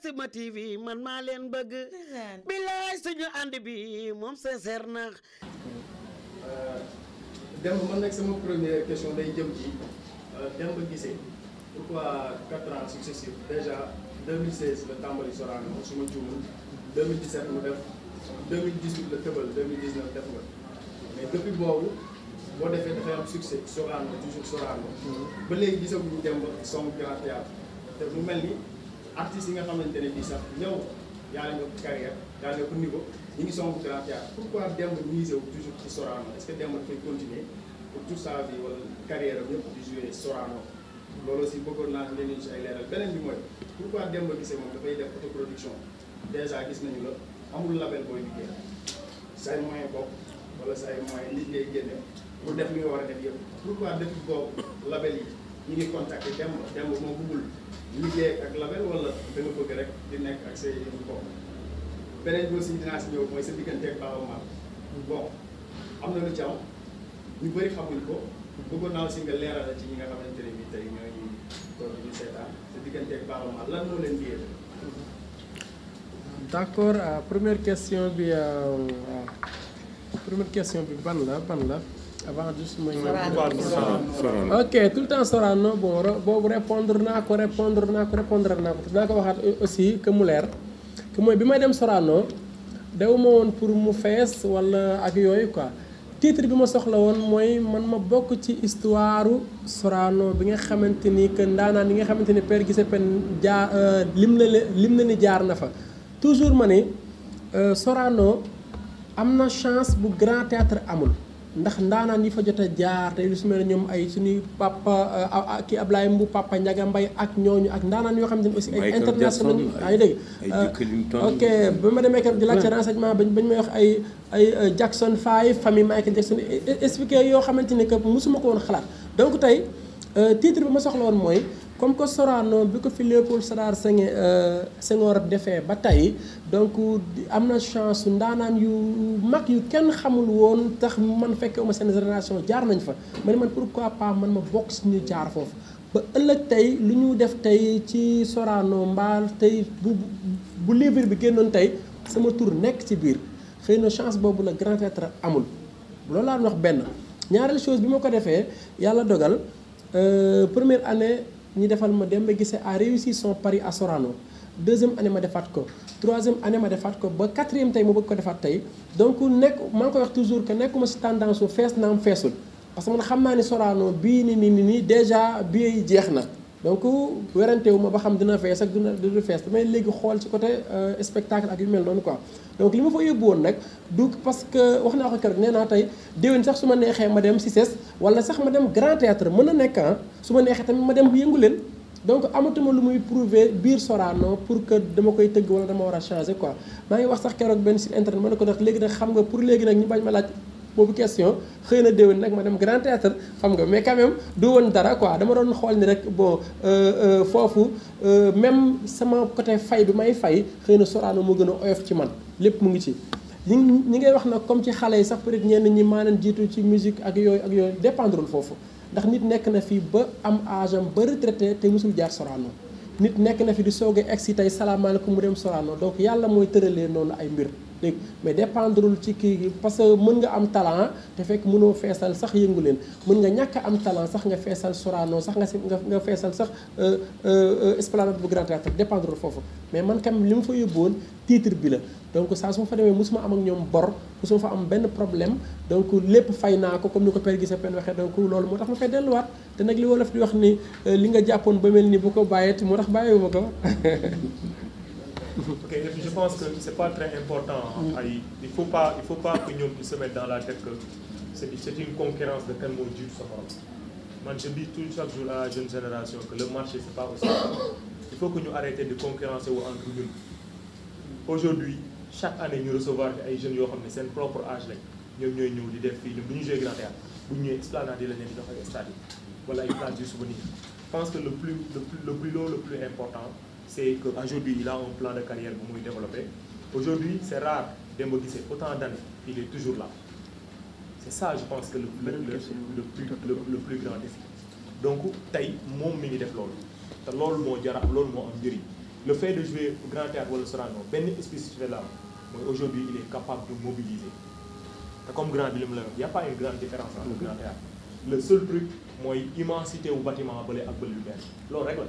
Sima TV man maa leen bëgg. bilaay suñu ànd bi moom sincère na. Euh, Demba man nag sama première question day jëm ci euh, Demba Guissé pourquoi quatre ans successifs déjà 2016 la tàmbali Sorano su ma juumul 2017 mu def 2018 la tëbal 2019 def nga mais depuis boobu boo defee dafay am succès Sorano toujours Sorano mm-hmm. ba léegi gisaguñu Demba son grand théâtre te mu mel ni. artistes yi nga xamante ne bii sax ñëw yàlla nga carrière yàlla nga ko niveau ñu ngi somb grand théâtre pourquoi dem miser wu toujours ci Sorano est-ce que dem dafay continuer pour tout loolu aussi bëggoon naa leen ñu si ay leeral beneen bi mooy pourquoi Demba Guissé moom dafay def autoproduction gis nañu la amul label booy liggéey say moyen bopp wala say moyen nit ngay génne pour def li nga war a ñu ngi contacté Demba Demba moo liggéey ak label wala da nga bëgg rek di nekk ak say yëngu bopp beneen bi aussi dinaa si ñëw mooy sa digganteeg Baaba Maal am na lu ci am ñu bëri xamuñ ko bëggoon naa aussi nga leerala ci ñi nga xamante ne bii tey ñooy toog ñu seetaan sa digganteeg Baaba Maal lan moo leen liyee d'accord euh, première question bi euh, première question bi ban la ban la avant juste mooy. Sorano ok tout le temps Sorano bon boobu répondre naa ko répondre naa ko répondre naa ko dinaa ko waxaat aussi que mu leer que mooy bi may dem Sorano dew ma woon pour mu fees walla ak yooyu quoi titre bi ma soxla woon mooy man ma bokk ci histoire Sorano bi nga xamante ni que ndaanaan yi nga xamante ni Père Guissé Pène jaar euh, lim na lim na ni jaar na fa toujours ma ne euh, Sorano am na chance bu grand théâtre amul. ndax ndaanaan yi fa jot a jaar tey lu su mel ñoom ay suñuy papa euh, kii laay Mbu papa Ndiaga Mbaye ak ñooñu ak ndaanaan yoo xam ne aussi ay international ay dégg euh, ok ba ma demee keroog di laajte bañ bañ may wax ay ay euh, Jackson Five famille Michael Jackson e, e, expliqué yoo xamante ni que mosuma ko woon xalaat donc tey titre bi ma soxla woon mooy comme que Sorano bi ko fi Léopold Sédar euh, Senghor defee ba tey donc am na chance yu ndaanaan yu mag yu kenn xamul woon tax man fekkee ma seen génération jaar nañ fa ma ne man quoi pas man ma bokk si ñu jaar foofu ba ëllëg tey lu ñu def tey ci soraano mbaal tey bu bu livre bi génnoon tey sama tur nekk ci biir xëy na chance boobu la grand théâtre amul loolu laa wax benn ñaareel chose bi ma ko defee yàlla dogal euh, première année ñi defal ma Demba Guissé a réussi son pari à Sorano deuxième année ma defaat ko troisième année ma defaat ko ba quatrième tey mu bëgg ko defaat tey donc nekk maa ngi koy wax toujours que nekkuma si tendance su fees naam feesul parce que man xam naa ni Sorano bii ni ni ni nii déjà bii jeex na donc werante wu ma ba xam dina fees ak dina dina fees damay léegi xool ci côté euh, spectacle ak yu mel noonu quoi donc li ma fa yóbbu woon nag du parce que wax naa ko keroog nee naa tey déwén sax su ma neexee ma dem si CICES wala sax ma dem Grand Théâtre mën a nekk ah. su ma neexee tamit ma dem yëngu leen donc amatuma lu muy prouver biir Sorano pour que dama koy tëgg wala dama war a changer quoi maa ngi wax sax keroog benn site internet ma ne ko ndax léegi nag xam nga pour léegi nag ñu bañ ma laaj boobu question xëy na déwén nag ma dem grand théâtre xam nga mais quand même du woon dara quoi dama doon xool ni rek bon euh, euh, foofu euh, même sama côté fay bi may fay xëy na Sorano moo gën a oyof ci man lépp mu ngi ci ñi ñi ngay wax na comme ci xale yi sax peut être ñenn ñi maanaam jiitu ci musique ak yooyu ak yooyu dépendrul foofu ndax nit nekk na fii ba am âge am ba retraité te musul jaar Sorano nit nekk na fi di soog a egg si tey salaamaaleykum mu dem Sorano donc yàlla mooy tëralee noonu ay mbir dégg mais dépendrul ci kii parce que mën nga am talent te fekk mënoo feesal sax yëngu leen mën nga ñàkk am talent sax nga feesal Sorano sax nga si nga feesal sax euh, euh, euh, esplanade bu Grand Théâtre foofu mais man kam li ma fa yóbbuwoon titre bi la donc saa su ma fa demee mosuma am ak ñoom bor mosuma fa am benn problème donc lépp fay naa ko comme ni ko Père Guissé Pène waxee donc loolu moo tax ma fay delluwaat te nag li wolof di wax ni li nga jàppoon ba mel nii bu ko bàyyee moo tax bàyyiwuma ko ok et puis je pense que c'est pas très important mm. ay il faut pas il faut pas que ñoom ñu se dans la tête que c'est c'est une concurrence de kan moo jiitu sa morom man je dis tout chaque jour à la jeune génération que le marché c'est pas aussi il faut que ñu arrêter de concurrencer wu entre ñun aujourd'hui chaque année ñu recevoir bi ay jeunes yoo xam ne seen propre âge lañ ñoom ñooy ñëw di def fii ñoom bu ñu jouer grand théâtre bu ñu ñëwee esplanade la leen di jox ay stade yi wala c'est qu'aujourd'hui, il a un plan de carrière qui muy développé. Aujourd'hui, c'est de d'Embo Guissé, autant d'années, il est toujours là. C'est ça, je pense, que le, le, le, le plus, plus, grand défi. Donc, Taï, mon mini def loolu moo jara loolu moo am njëriñ le fait de jouer au Grand Théâtre wala Sorano benn spécificité la mooy aujourd'hui il est capable de mobiliser te comme grand bi mu la y a pas une grande différence entre le Grand Théâtre le seul truc mooy immensité wu bâtiment bële ak bële lu benn loolu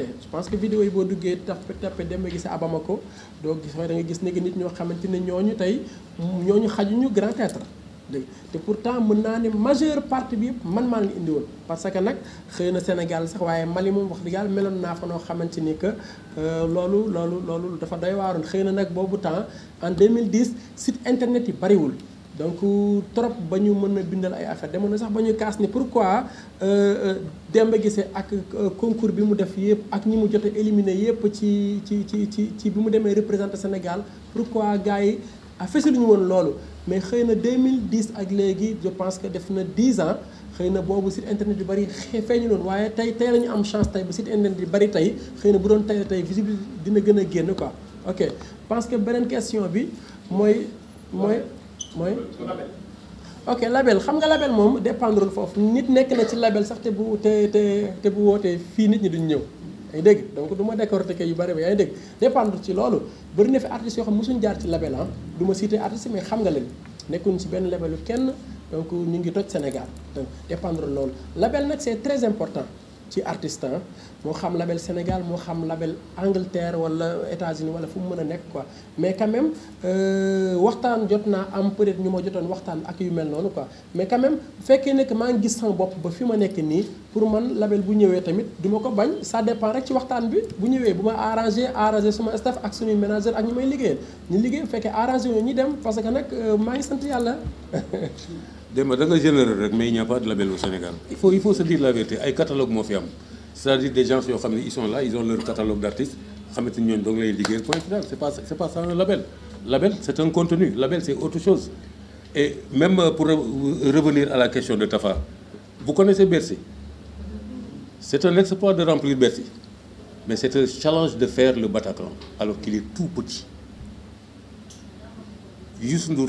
te je pense que vidéo yi boo duggee tappe tappe dem ba gis Abamako doo gis da gis ne nit ñoo xamante ne ñooñu tey ñooñu xajuñu grand théâtre dégg te pourtant mën naa ne majeure partie bi yëpp man maa leen indi parce que nag xëy na Sénégal sax waaye Mali moom wax dëgg yàlla meloon naa fa noo xamante ni que euh, loolu loolu loolu dafa doy waaroon xëy na nag boobu temps en 2010 site internet yi bariwul donc trop ba ñu mën a bindal ay affaire demoon sax ba ñu kaas ni dem euh, euh, Demba Guissé ak euh, concours bi mu def yëpp ak ñi mu jot a éliminé yëpp ci ci ci ci ci bi mu demee représenté Sénégal pourquoi gars yi affaire lu ñu woon loolu mais xëy na 2010 ak léegi je pense que def na 10 ans xëy na boobu site internet yu bari feeñu loon waaye tey tey la ñu am chance tey ba site internet yu bari tey xëy na bu doon tey tey visible dina gën a génn quoi ok parce que beneen question bi mooy mooy mooy ok label xam nga label moom dépendre foofu nit nekk na ci label sax te bu te te te bu wootee fii nit ñi duñ ñëw yaa ngi dégg donc du ma décortiquer yu bëri ba yaa ngi dégg dépendre ci loolu bëri na fi artistes yoo xam mosuñ jaar ci label ah du ma citer artiste mais xam nga leen nekkuñu si benn labelu kenn donc ñu ngi toj Sénégal donc dépendre loolu label nag c'est très important ci artistant ah, moo xam label Sénégal moo xam label Angleterre wala États-Unis wala fu mu mën a nekk quoi mais quand même euh, waxtaan jot naa am peut-être ñu ma jotoon waxtaan ak yu mel noonu quoi mais quand même bu fekkee ne maa ngi gis sama bopp ba fi ma nekk nii pour man label bu ñëwee tamit du ma ko bañ ça dépend rek ci waxtaan bi bu ñëwee bu ma arrangé arrangé suma staff ak suñuy manager ak ñu may liggéeyal ñu liggéey bu fekkee arrangé ñu ñu dem parce que nag euh, maa ngi sant yàlla. Demba da nga généreux rek mais il n'y a pas de label au Sénégal il faut il faut se dire la vérité ay catalogue moo fi am c'est-à-dire des gens yoo xam ne ils sont là ils ont leur catalogue d'artistes xamante ni ñooñu doog lay liggéeyal point final c'est pas c'est pas un label label c'est un contenu label c'est autre chose et même pour revenir à la question de Tafa vous connaissez Bercy c'est un exploit de remplir Bercy mais c'est un challenge de faire le Bataclan alors qu'il est tout petit Youssou Ndour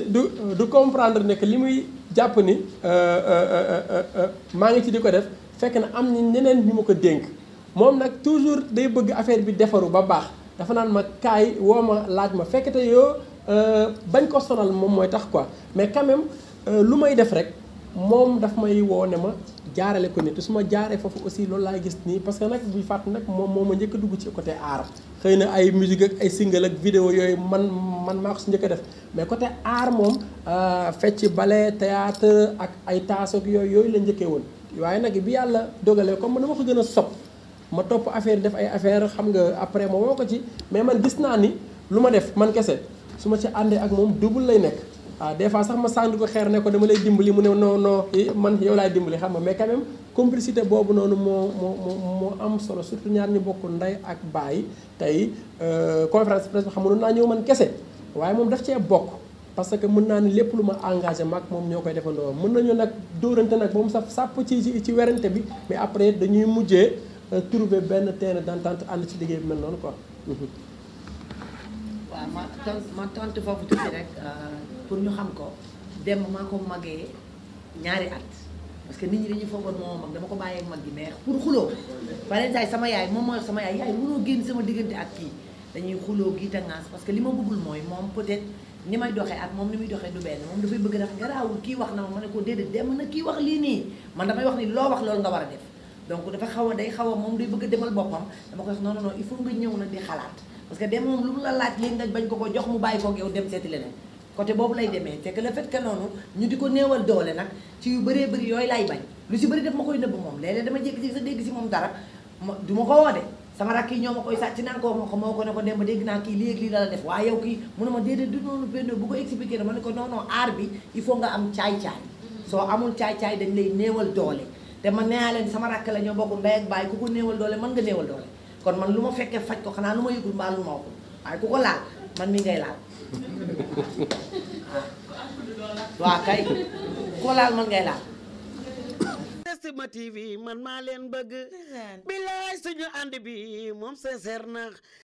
du du comprendre ne li muy jàpp ni euh, euh, euh, maa ngi ci di ko def fekk na am ni ñeneen ñu ma ko dénk moom nag toujours day bëgg affaire bi defaru ba baax dafa naan ma kaay woo ma laaj ma fekk te yoo bañ ko sonal moom mooy tax quoi mais quand même lu may def rek moom daf may woone ma jaarale ko nii te su ma jaaree foofu aussi loolu laay gis nii parce que nag buy fàtt nag moom moo ma njëkk a dugg ci côté aar xëy na ay musique ak ay single ak vidéo yooyu man. man maa ko si njëkk a def mais côté art moom euh, fecc ballet théâtre ak ay taasoog yooyu yooyu la njëkkee woon waaye nag bi yàlla dogalee comme man ma ko gën a sopp ma topp affaire def ay affaire xam nga après ma woo ko ci mais man gis naa ni lu ma def man kese su ma ci àndee ak moom double lay nekk waaw ah, des fois sax ma sànni ko xeer ne ko dama lay dimbali mu ne non noo man yow laay dimbali xam nga mais quand complicité boobu noonu moo moo moo moo am solo surtout ñaar ñu bokk ndey ak baay tey euh, conférence de presse bi xam naa ñëw man kese. waaye moom def cee bokk parce que mën naa ne lépp lu ma engagé maag moom ñoo koy defandoo mën nañoo nag dóorante nag ba mu saf sàpp ci ci werante bi mais après dañuy mujjee euh, trouver benn terrain d'entente ànd ci liggéey bi mel noonu quoi. waaw ma tont ma tontu foofu tuuti rek euh, pour ñu xam ko dem maa ko magee ñaari at parce que nit ñi dañuy foogoon moo mag dama ko bàyyee mag gi mais pour xuloo par exemple sama yaay moom mooy sama yaay yaay mënoo génn sama diggante ak kii. dañuy xuloo gi tangaas parce que li ma bëggul mooy moom peut-être ni may doxee ak moom ni muy doxee du benn moom dafay bëgg dax garaawul kii wax na ma ma ne ko déedéet dem na kii wax lii nii man damay wax ni loo wax loolu nga war a def donc dafa xaw a day xaw a moom day bëgg demal boppam dama ko wax non non non faut nga ñëw nag di xalaat parce que dem lu mu la laaj léegi nga bañ ko ko jox mu bàyyi koog yow dem seeti leneen côté boobu lay demee te que le fait ñu di ko néewal doole nag ci yu bëree bëri yooyu laay bañ lu si bëri daf ma koy nëbb moom dama jékki-jékki si moom dara ma du ma ko woo sama rakk yi ñoo ma koy sàcc naan ko ma ko moo ko ne ko dem ba dégg naa kii lii ak lii la la def waaye yow kii mu ne ma déedéet du noonu benn bu ko expliqué na ma ne ko non aar bi il faut nga am caay-caay mm-hmm. soo amul caay-caay dañ lay néewal doole te man nee leen sama rakk la ñoo bokk ndey ak bàyyi ku ko néewal doole man nga néewal doole kon man lu ma fekkee faj ko xanaa lu ma yëgul mbaa lu ma waaye ku ko laal man mi ngay laal waaw kay ku ko laal man ngay Sma TV man maa leen bëgg bilaay suñu ànd bi moom sincère na